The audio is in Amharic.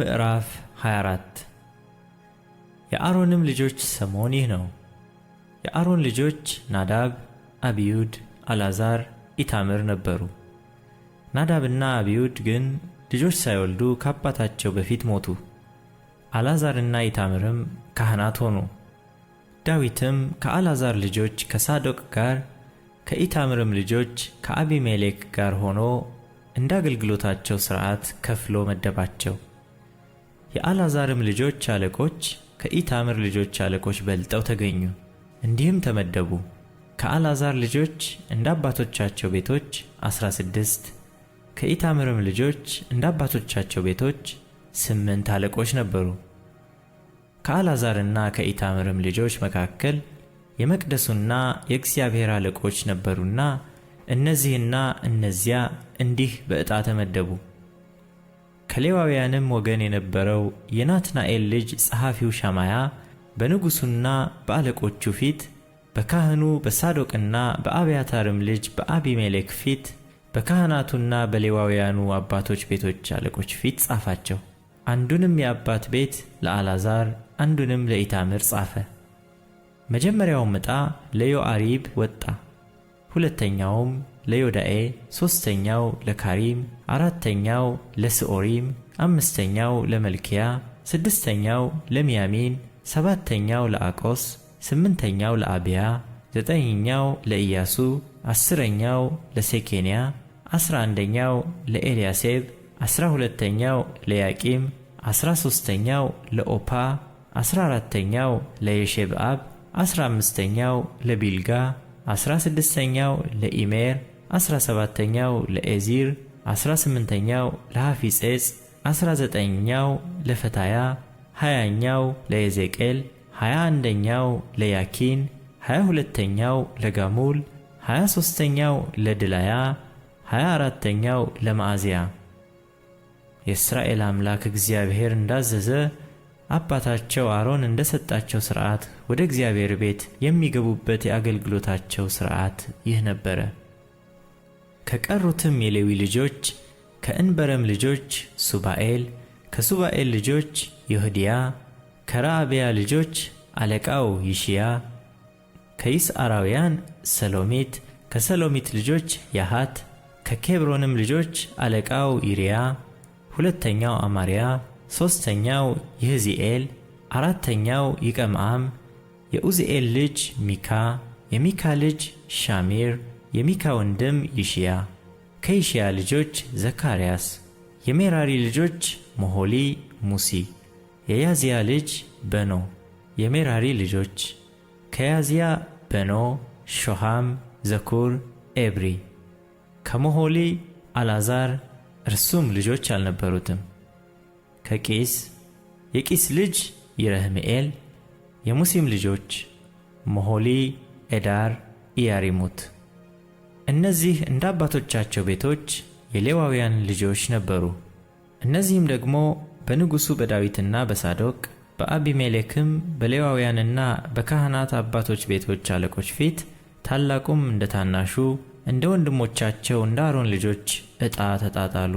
ምዕራፍ 24 የአሮንም ልጆች ሰሞን ይህ ነው። የአሮን ልጆች ናዳብ፣ አብዩድ፣ አልዓዛር፣ ኢታምር ነበሩ። ናዳብና አብዩድ ግን ልጆች ሳይወልዱ ከአባታቸው በፊት ሞቱ። አልዓዛርና ኢታምርም ካህናት ሆኑ። ዳዊትም ከአልዓዛር ልጆች ከሳዶቅ ጋር ከኢታምርም ልጆች ከአቢሜሌክ ጋር ሆኖ እንደ አገልግሎታቸው ሥርዓት ከፍሎ መደባቸው። የአላዛርም ልጆች አለቆች ከኢታምር ልጆች አለቆች በልጠው ተገኙ፣ እንዲህም ተመደቡ። ከአላዛር ልጆች እንደ አባቶቻቸው ቤቶች ዐሥራ ስድስት ከኢታምርም ልጆች እንደ አባቶቻቸው ቤቶች ስምንት አለቆች ነበሩ። ከአላዛርና ከኢታምርም ልጆች መካከል የመቅደሱና የእግዚአብሔር አለቆች ነበሩና እነዚህና እነዚያ እንዲህ በዕጣ ተመደቡ። ከሌዋውያንም ወገን የነበረው የናትናኤል ልጅ ጸሐፊው ሸማያ በንጉሡና በአለቆቹ ፊት በካህኑ በሳዶቅና በአብያታርም ልጅ በአቢሜሌክ ፊት በካህናቱና በሌዋውያኑ አባቶች ቤቶች አለቆች ፊት ጻፋቸው። አንዱንም የአባት ቤት ለአልዓዛር አንዱንም ለኢታምር ጻፈ። መጀመሪያውም ዕጣ ለዮአሪብ ወጣ፣ ሁለተኛውም ለዮዳኤ፣ ሦስተኛው ለካሪም፣ አራተኛው ለስኦሪም፣ አምስተኛው ለመልኪያ፣ ስድስተኛው ለሚያሚን፣ ሰባተኛው ለአቆስ፣ ስምንተኛው ለአብያ፣ ዘጠኝኛው ለኢያሱ፣ አስረኛው ለሴኬንያ፣ አስራ አንደኛው ለኤልያሴብ፣ አስራ ሁለተኛው ለያቂም፣ አስራ ሦስተኛው ለኦፓ፣ አስራ አራተኛው ለየሼብአብ፣ አስራ አምስተኛው ለቢልጋ፣ አስራ ስድስተኛው ለኢሜር 17 ተኛው ለኤዚር፣ 18ኛው ለሐፊጼጽ፣ 19ኛው ለፈታያ፣ 20ኛው ለኤዜቄል፣ 21ኛው ለያኪን፣ 22 ተኛው ለጋሙል፣ 23 ተኛው ለድላያ፣ 24 ተኛው ለማዕዝያ። የእስራኤል አምላክ እግዚአብሔር እንዳዘዘ አባታቸው አሮን እንደሰጣቸው ሥርዓት ወደ እግዚአብሔር ቤት የሚገቡበት የአገልግሎታቸው ሥርዓት ይህ ነበረ። ከቀሩትም የሌዊ ልጆች ከእንበረም ልጆች ሱባኤል፣ ከሱባኤል ልጆች ይሁዲያ፣ ከረአብያ ልጆች አለቃው ይሽያ፣ ከይስአራውያን ሰሎሚት፣ ከሰሎሚት ልጆች ያሃት፣ ከኬብሮንም ልጆች አለቃው ይሪያ፣ ሁለተኛው አማርያ፣ ሦስተኛው ይህዚኤል፣ አራተኛው ይቀምዓም፣ የኡዚኤል ልጅ ሚካ፣ የሚካ ልጅ ሻሚር የሚካ ወንድም ይሽያ፣ ከይሽያ ልጆች ዘካርያስ። የሜራሪ ልጆች ሞሆሊ፣ ሙሲ። የያዝያ ልጅ በኖ። የሜራሪ ልጆች ከያዝያ በኖ፣ ሾሃም፣ ዘኩር፣ ኤብሪ። ከሞሆሊ አልዓዛር፣ እርሱም ልጆች አልነበሩትም። ከቂስ የቂስ ልጅ ይረህምኤል። የሙሲም ልጆች ሞሆሊ፣ ኤዳር፣ ኢያሪሙት። እነዚህ እንደ አባቶቻቸው ቤቶች የሌዋውያን ልጆች ነበሩ። እነዚህም ደግሞ በንጉሡ በዳዊትና በሳዶቅ በአቢሜሌክም በሌዋውያንና በካህናት አባቶች ቤቶች አለቆች ፊት ታላቁም እንደ ታናሹ እንደ ወንድሞቻቸው እንደ አሮን ልጆች ዕጣ ተጣጣሉ።